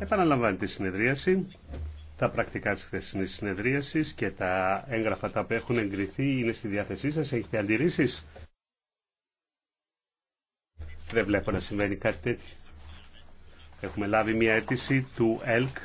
Επαναλαμβάνει τη συνεδρίαση. Τα πρακτικά της χθεσινής συνεδρίασης και τα έγγραφα τα που έχουν εγκριθεί είναι στη διάθεσή σας. Έχετε αντιρρήσεις. Δεν βλέπω να συμβαίνει κάτι τέτοιο. Έχουμε λάβει μια αίτηση του ΕΛΚ